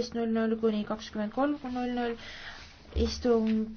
kaksteist null null kuni kakskümmend kolm null null istungi